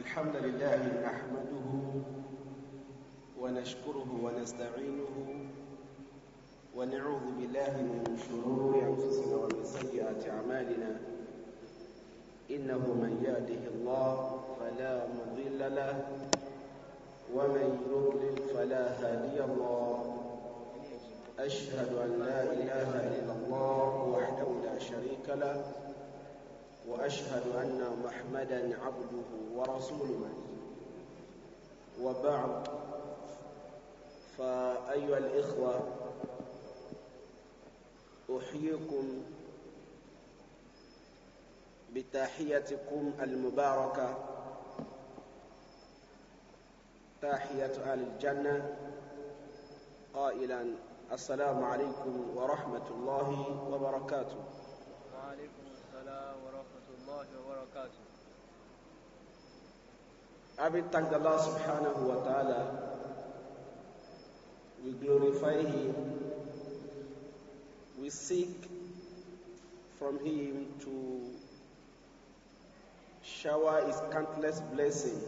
الحمد لله نحمده ونشكره ونستعينه ونعوذ بالله من شرور انفسنا ومن سيئات اعمالنا انه من يهده الله فلا مضل له ومن يضلل فلا هادي الله اشهد ان لا اله الا الله وحده لا شريك له واشهد ان محمدا عبده ورسوله وبعد فايها الاخوه احييكم بتحيتكم المباركه تحيه اهل الجنه قائلا السلام عليكم ورحمه الله وبركاته will thank Allah subhanahu wa ta'ala, we glorify Him, we seek from Him to shower His countless blessing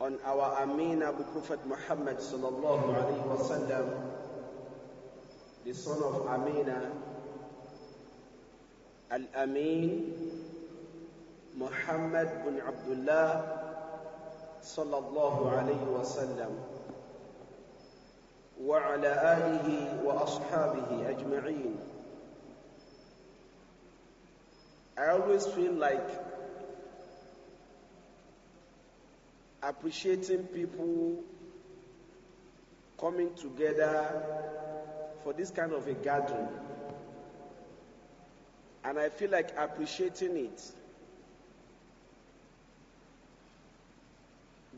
on our Amin Abu Prophet Muhammad sallallahu alayhi wa sallam, the son of Aminah الأمين محمد بن عبد الله صلى الله عليه وسلم وعلى آله وأصحابه أجمعين I always feel like appreciating people coming together for this kind of a gathering and I feel like appreciating it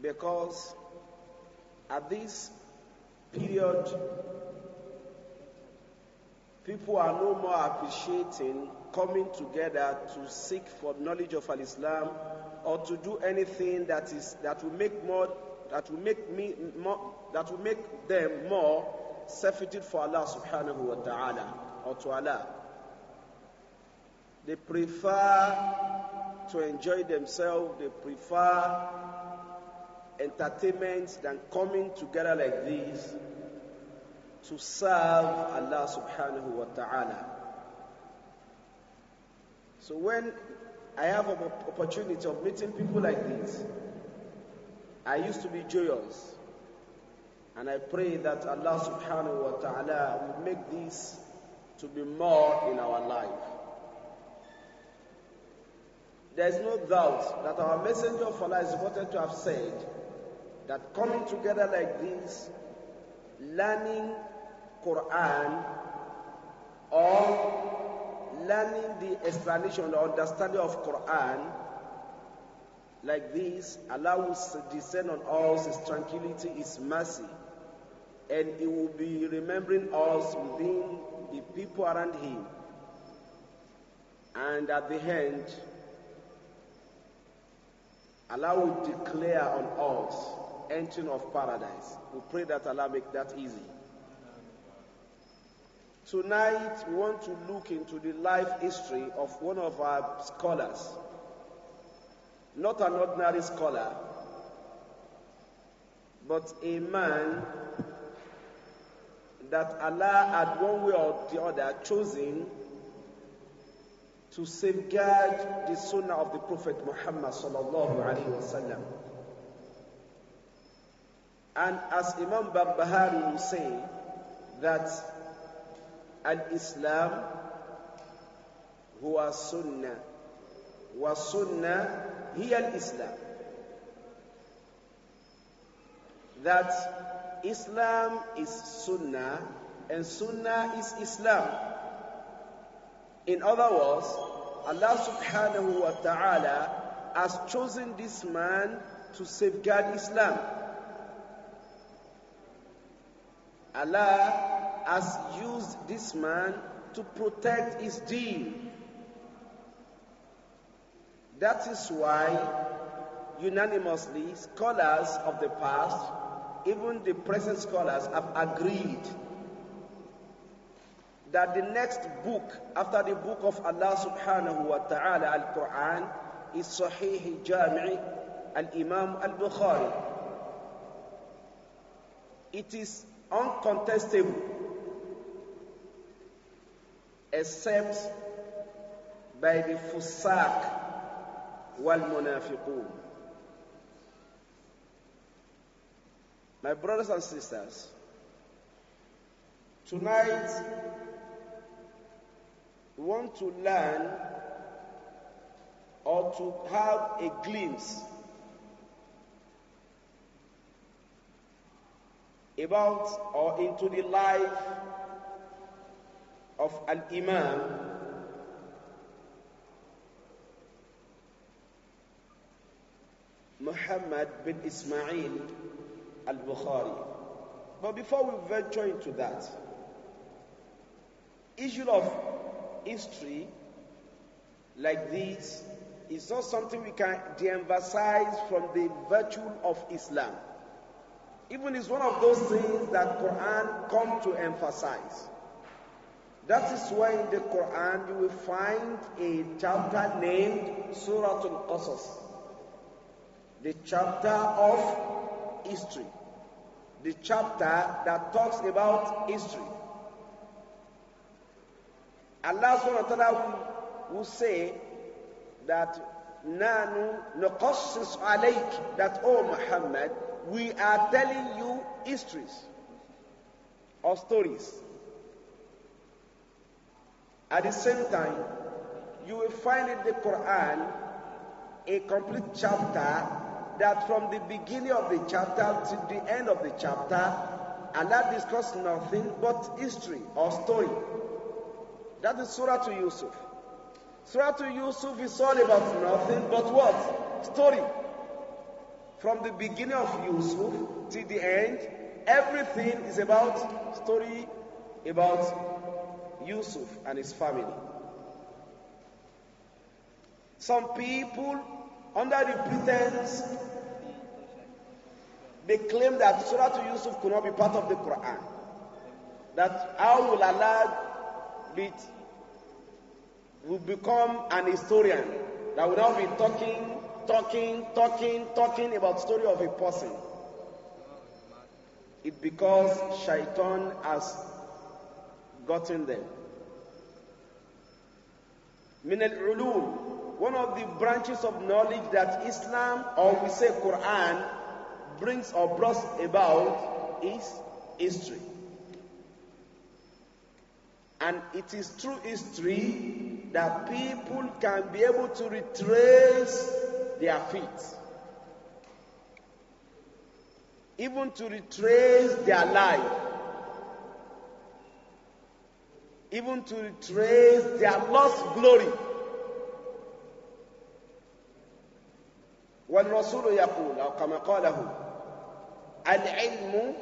because at this period, people are no more appreciating coming together to seek for knowledge of Al Islam or to do anything that is that will make more that will make me more that will make them more sensitive for Allah subhanahu wa ta'ala or to Allah. They prefer to enjoy themselves, they prefer entertainment than coming together like this to serve Allah subhanahu wa ta'ala. So when I have an opportunity of meeting people like this, I used to be joyous. And I pray that Allah subhanahu wa ta'ala will make this to be more in our life. There is no doubt that our messenger of Allah is reported to have said that coming together like this, learning Quran or learning the explanation or understanding of Quran like this, Allah will descend on us His tranquility, is mercy, and He will be remembering us within the people around Him. And at the end, Allah will declare on us entering of paradise. We pray that Allah make that easy. Tonight, we want to look into the life history of one of our scholars. Not an ordinary scholar, but a man that Allah had one way or the other chosen to safeguard the sunnah of the Prophet Muhammad sallallahu alaihi wasallam. And as Imam Bambahari will say that al-Islam huwa sunnah wa sunnah hiya al-Islam. That Islam is sunnah and sunnah is Islam. In other words, Allah subhanahu wa ta'ala has chosen this man to safeguard Islam. Allah has used this man to protect his deen. That is why unanimously scholars of the past, even the present scholars, have agreed that the next book after the book of Allah subhanahu wa ta'ala, Al Quran, is Sahih Jami' Al Imam Al Bukhari. It is uncontestable except by the Fusak wal Munafiqun. My brothers and sisters, tonight want to learn or to have a glimpse about or into the life of an imam Muhammad bin Ismail al-Bukhari but before we venture into that issue of history like this is not something we can de-emphasize from the virtue of Islam. Even it's one of those things that Quran come to emphasize. That is why in the Quran you will find a chapter named Surah Al-Qasas, the chapter of history, the chapter that talks about history. Allah subhanahu wa ta'ala will say that Nanu naqassis alayk that oh Muhammad we are telling you histories or stories. At the same time, you will find in the Quran a complete chapter that from the beginning of the chapter to the end of the chapter, Allah discusses nothing but history or story. That is Surah to Yusuf. Surah to Yusuf is all about nothing but what? Story. From the beginning of Yusuf till the end, everything is about story about Yusuf and his family. Some people, under the pretense, they claim that Surah to Yusuf could not be part of the Quran. That how will Allah will become an historian that will now be talking, talking, talking, talking about story of a person. It's because Shaitan has gotten them. Minal ulum one of the branches of knowledge that Islam, or we say Quran, brings or brought about is history. And it is through history that people can be able to retrace their feet. Even to retrace their life. Even to retrace their lost glory. والرسول يقول أو كما قاله العلم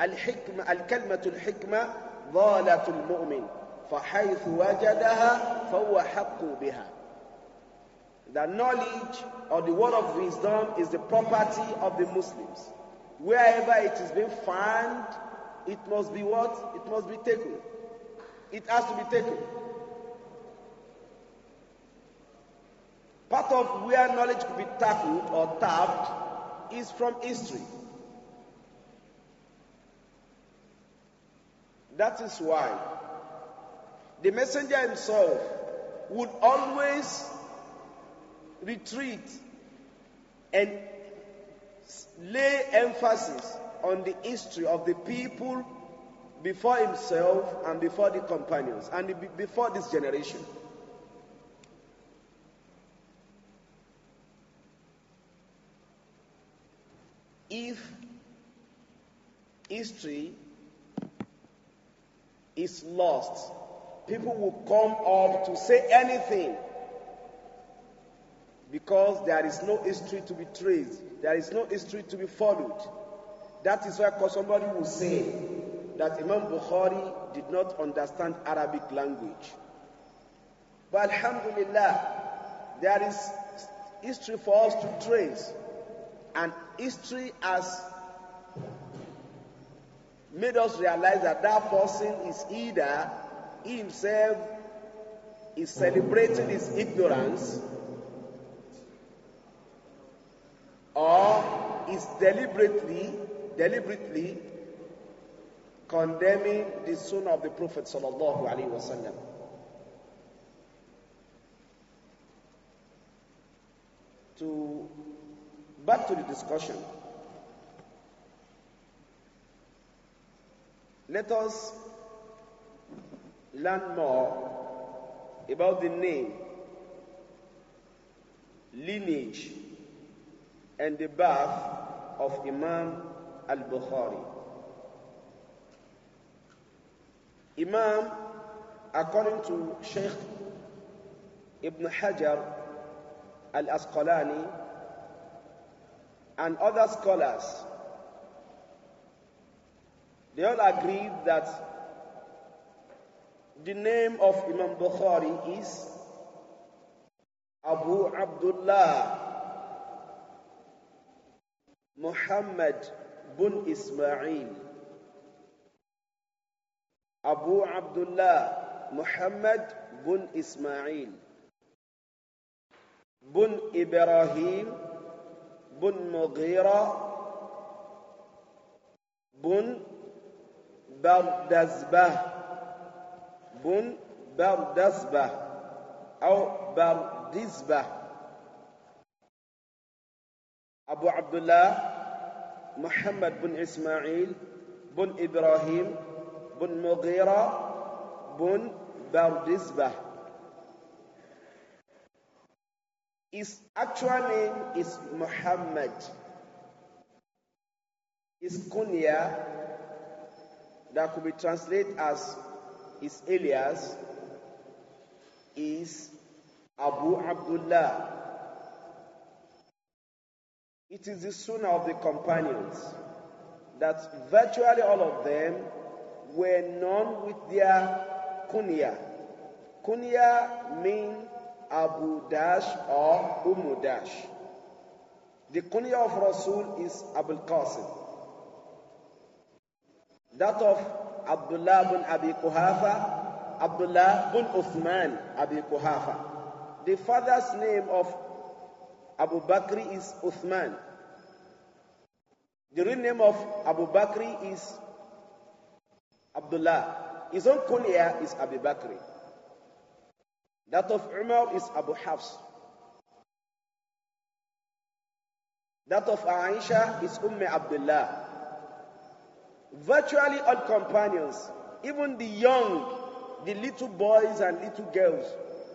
الحكمة الكلمة الحكمة ضالة المؤمن فحيث وجدها فهو حق بها the knowledge or the word of wisdom is the property of the Muslims. Wherever it is being found, it must be what? It must be taken. It has to be taken. Part of where knowledge could be tackled or tapped is from history. That is why the messenger himself would always retreat and lay emphasis on the history of the people before himself and before the companions and before this generation. If history is lost. People will come up to say anything because there is no history to be traced, there is no history to be followed. That is why somebody will say that Imam Bukhari did not understand Arabic language. But Alhamdulillah, there is history for us to trace, and history has made us realize that that person is either he himself is celebrating his ignorance or is deliberately deliberately condemning the son of the prophet sallallahu alaihi wasallam to back to the discussion Let us learn more about the name, lineage, and the birth of Imam al Bukhari. Imam, according to Sheikh Ibn Hajar al Asqalani and other scholars, they all agreed that the name of Imam Bukhari is Abu Abdullah Muhammad bin Ismail. Abu Abdullah Muhammad bin Ismail. Bin Ibrahim bin Mughira bin بردزبة بن بردزبة أو بردزبة أبو عبد الله محمد بن إسماعيل بن إبراهيم بن مغيرة بن بردزبة His actual name is Muhammad. His kunya that could be translated as his alias is Abu Abdullah. It is the sunnah of the companions that virtually all of them were known with their kunya. Kunya means Abu Dash or Umu Dash. The kunya of Rasul is Abul Qasim that of Abdullah bin Abi Kuhafa, Abdullah bin Uthman Abi Kuhafa. The father's name of Abu Bakr is Uthman. The real name of Abu Bakr is Abdullah. His own kunya is Abu Bakr. That of Umar is Abu Hafs. That of Aisha is Umm Abdullah. Virtually all companions, even the young, the little boys and little girls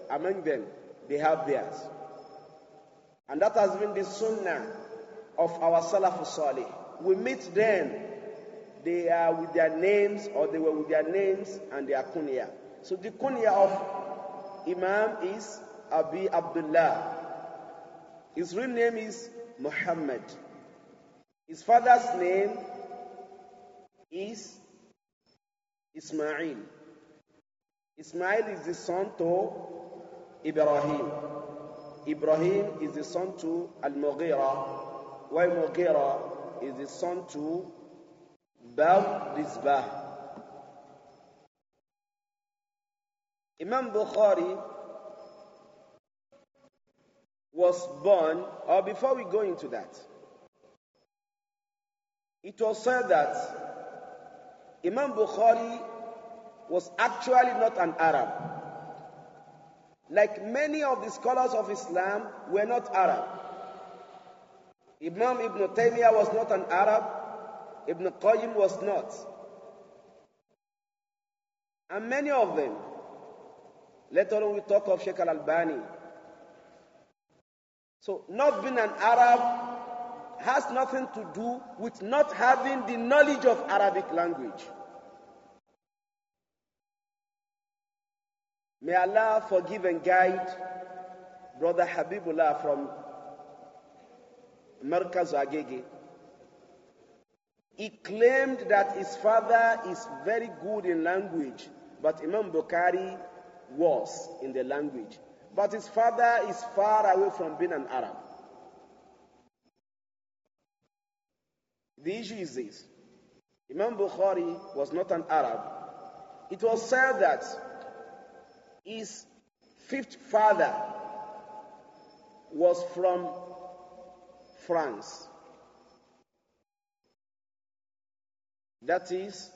among them, they have theirs. And that has been the sunnah of our Salafus Salih. We meet them, they are with their names or they were with their names and their kunya. So the kunya of Imam is Abi Abdullah. His real name is Muhammad. His father's name is Ismail. Ismail is the son to Ibrahim. Ibrahim is the son to Al-Mughira, while Mughira is the son to Bab Rizbah. Imam Bukhari was born, or before we go into that, it was said that Imam Bukhari was actually not an Arab. Like many of the scholars of Islam were not Arab. Imam Ibn Taymiyyah was not an Arab. Ibn Qayyim was not. And many of them. Later on we talk of Sheikh al-Albani. So not being an Arab has nothing to do with not having the knowledge of Arabic language. May Allah forgive and guide Brother Habibullah from Merkaz Agege. He claimed that his father is very good in language, but Imam Bukhari was in the language. But his father is far away from being an Arab. The issue is this Imam Bukhari was not an Arab. It was said that his fifth father was from France. That is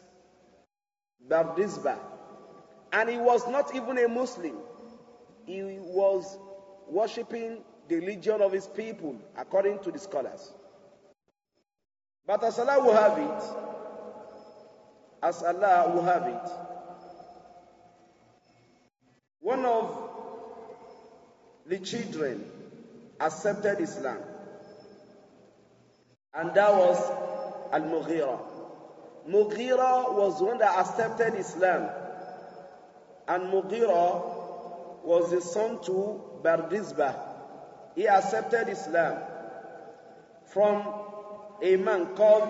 Bardisba. And he was not even a Muslim. He was worshipping the religion of his people, according to the scholars. But as Allah will have it, as Allah will have it, one of the children accepted Islam, and that was Al Mughira. Mughira was one that accepted Islam, and Mughira was the son to Bardizba. He accepted Islam from a man called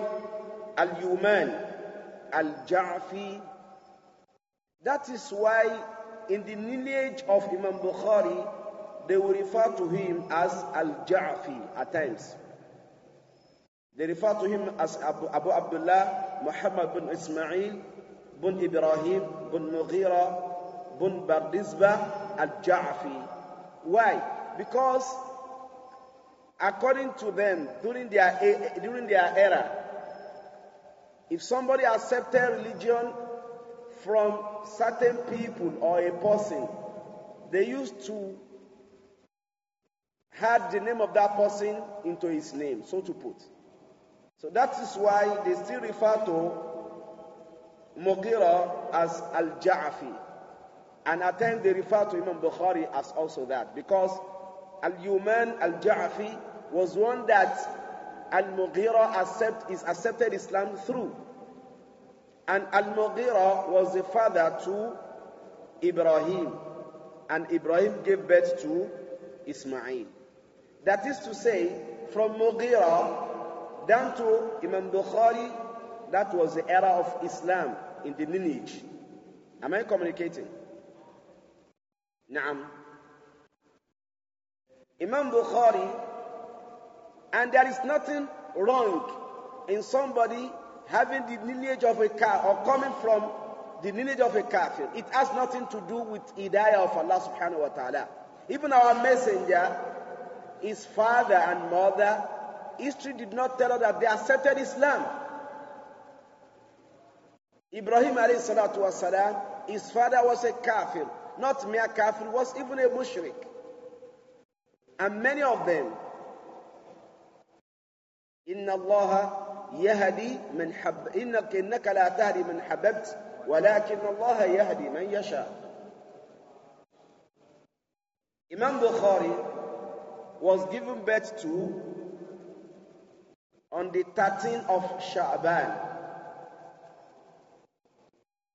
Al Yuman Al Ja'fi. That is why, in the lineage of Imam Bukhari, they will refer to him as Al Ja'fi at times. They refer to him as Abu, Abu Abdullah, Muhammad bin Ismail, bin Ibrahim, bin Mughira, bin Bardizbah, Al Ja'fi. Why? Because according to them during their, during their era, if somebody accepted religion from certain people or a person, they used to had the name of that person into his name, so to put. So that is why they still refer to Mughira as Al Ja'afi. And at times they refer to Imam Bukhari as also that. Because Al Yuman Al Ja'afi was one that Al-Mughira accept, is accepted Islam through. And Al-Mughira was the father to Ibrahim. And Ibrahim gave birth to Ismail. That is to say, from Mughira down to Imam Bukhari, that was the era of Islam in the lineage. Am I communicating? Naam. Imam Bukhari and there is nothing wrong in somebody having the lineage of a car or coming from the lineage of a kafir. It has nothing to do with idayah of Allah subhanahu wa ta'ala. Even our messenger, his father and mother, history did not tell us that they accepted Islam. Ibrahim alayhi salatu wasalam, his father was a kafir. Not mere kafir, was even a mushrik. And many of them, إن الله يهدي من حب إنك إنك لا تهدي من حببت ولكن الله يهدي من يشاء Imam Bukhari was given birth to on the 13th of Sha'ban.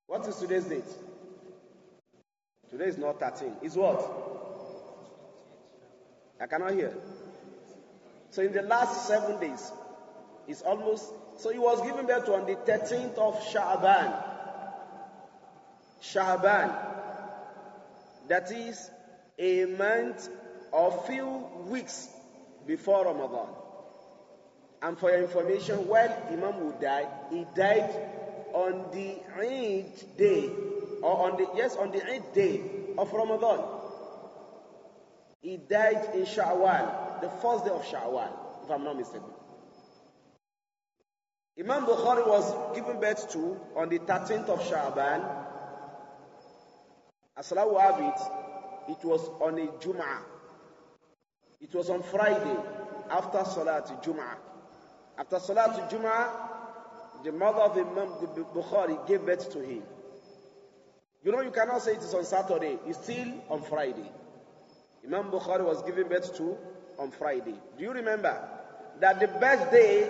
What is today's date? Today is not 13. It's what? I cannot hear. So in the last seven days, it's almost, so he was given birth to on the 13th of Shaaban. Shaaban, That is a month or few weeks before Ramadan. And for your information, when Imam would die, he died on the eighth day, or on the yes, on the eighth day of Ramadan. He died in Shawwal the first day of Shawwal, if I'm not mistaken. Imam Bukhari was given birth to on the 13th of Sha'ban. As Allah have it, it was on a Jum'ah. It was on Friday after Salat Jum'ah. After Salat Jum'ah, the mother of Imam Bukhari gave birth to him. You know, you cannot say it is on Saturday, it's still on Friday. Imam Bukhari was given birth to on Friday. Do you remember that the best day,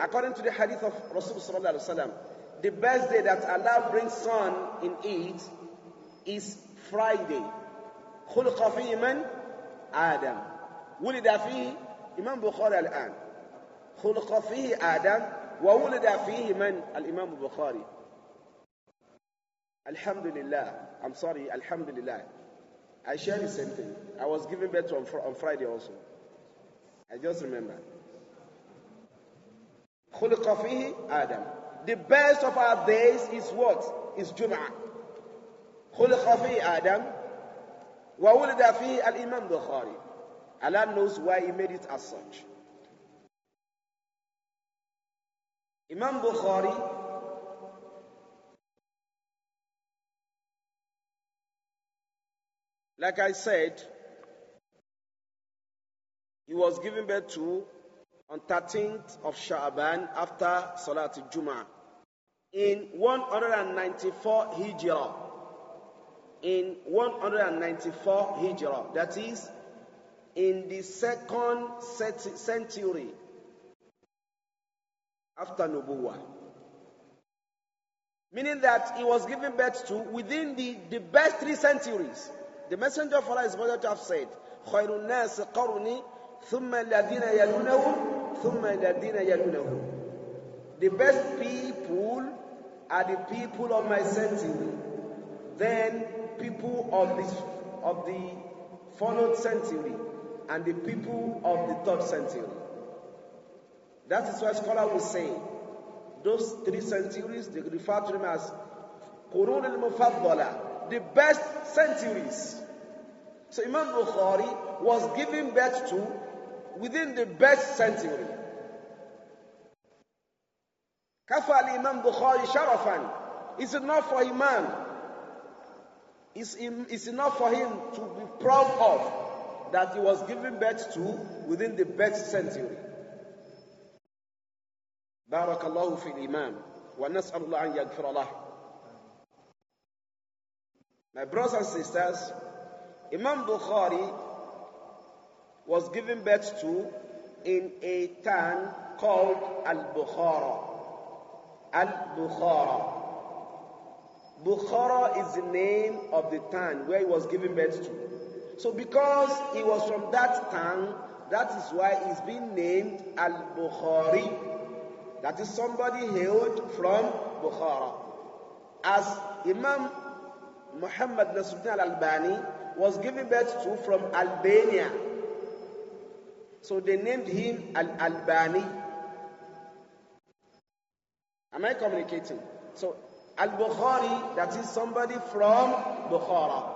according to the hadith of Rasulullah Sallallahu Alaihi Wasallam, the best day that Allah brings sun in it is Friday. خلق فيه من؟ آدم ولد فيه إمام بخاري الآن خلق فيه آدم وولد فيه من؟ الإمام البخاري الحمد لله I'm sorry الحمد لله I share the same thing I was given birth on, on Friday also I just remember. خلق Adam. The best of our days is what? Is Jum'ah. خلق Adam. آدم وولد al Imam بخاري. Allah knows why he made it as such. Imam Bukhari like I said he was given birth to on 13th of Sha'aban after Salat al-Jum'a in 194 Hijrah. In 194 Hijrah, that is in the second century after Nubuwa. Meaning that he was given birth to within the, the best three centuries. The Messenger of Allah is going to have said, ثم الذين يلونهم ثم الذين يلونهم the best people are the people of my century then people of the of the followed century and the people of the third century that is why scholars will say those three centuries they refer to them as Qurun al-Mufaddala the best centuries so Imam Bukhari was giving birth to within the best century. Kafali Imam Bukhari Sharafan. It's enough for imam. man. It's, it's enough for him to be proud of that he was given birth to within the best century. Barakallahu fi imam wa ونسأل الله أن My brothers and sisters, Imam Bukhari was given birth to in a town called Al-Bukhara. Al-Bukhara. Bukhara is the name of the town where he was given birth to. So because he was from that town, that is why he's been named Al-Bukhari. That is somebody hailed from Bukhara. As Imam Muhammad Nasruddin Al-Albani was given birth to from Albania. So they named him Al Albani. Am I communicating? So Al Bukhari, that is somebody from Bukhara.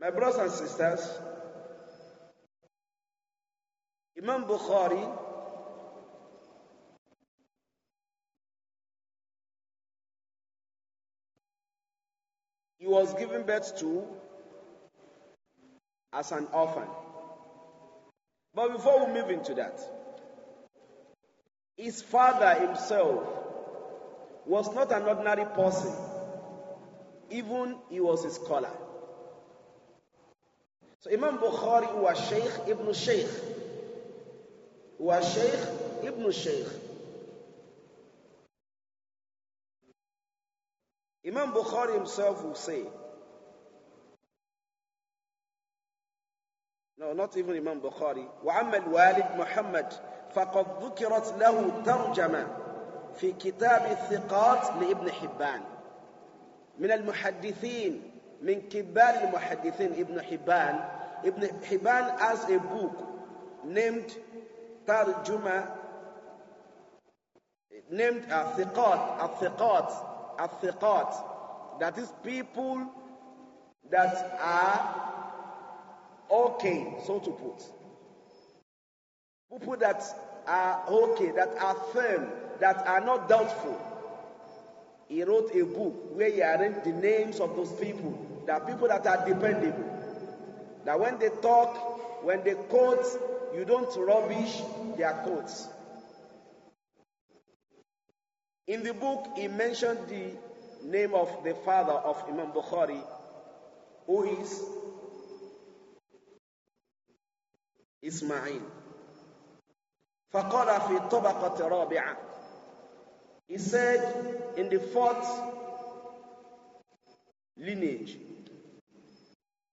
My brothers and sisters, Imam Bukhari he was given birth to as an orphan. But before we move into that, his father himself was not an ordinary person, even he was a scholar. So Imam Bukhari was Sheikh Ibn Sheikh. Was Sheikh Ibn Sheikh. Imam Bukhari himself will say, not even Imam Bukhari وعم الوالد محمد فقد ذكرت له ترجمة في كتاب الثقات لابن حبان من المحدثين من كبار المحدثين ابن حبان ابن حبان has a book named ترجمة named الثقات الثقات الثقات that is people that are okay, so to put. People that are okay, that are firm, that are not doubtful. He wrote a book where he arranged the names of those people. There people that are dependable. That when they talk, when they quote, you don't rubbish their quotes. In the book, he mentioned the name of the father of Imam Bukhari, who is إسماعيل فقال في طبقة رابعة He said in the fourth lineage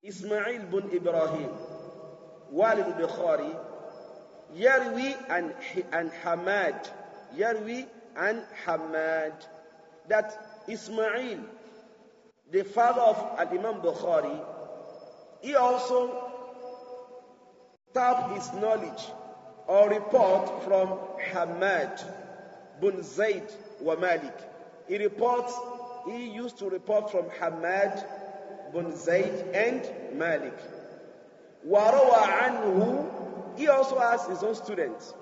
إسماعيل بن إبراهيم والد البخاري يروي عن عن حماد يروي عن حماد that Ismail the father of Al Imam Bukhari he also tap his knowledge or report from Hamad bin Zaid wa Malik. He reports, he used to report from Hamad bin Zaid and Malik. Warawa anhu, he also has his own students.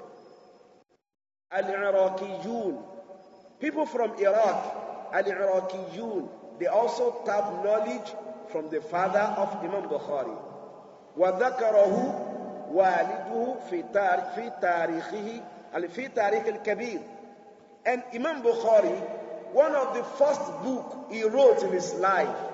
Al-Iraqiyun, people from Iraq, Al-Iraqiyun, they also tap knowledge from the father of Imam Bukhari. وذكره والده في تاريخ في تاريخه في تاريخ الكبير and Imam Bukhari one of the first book he wrote in his life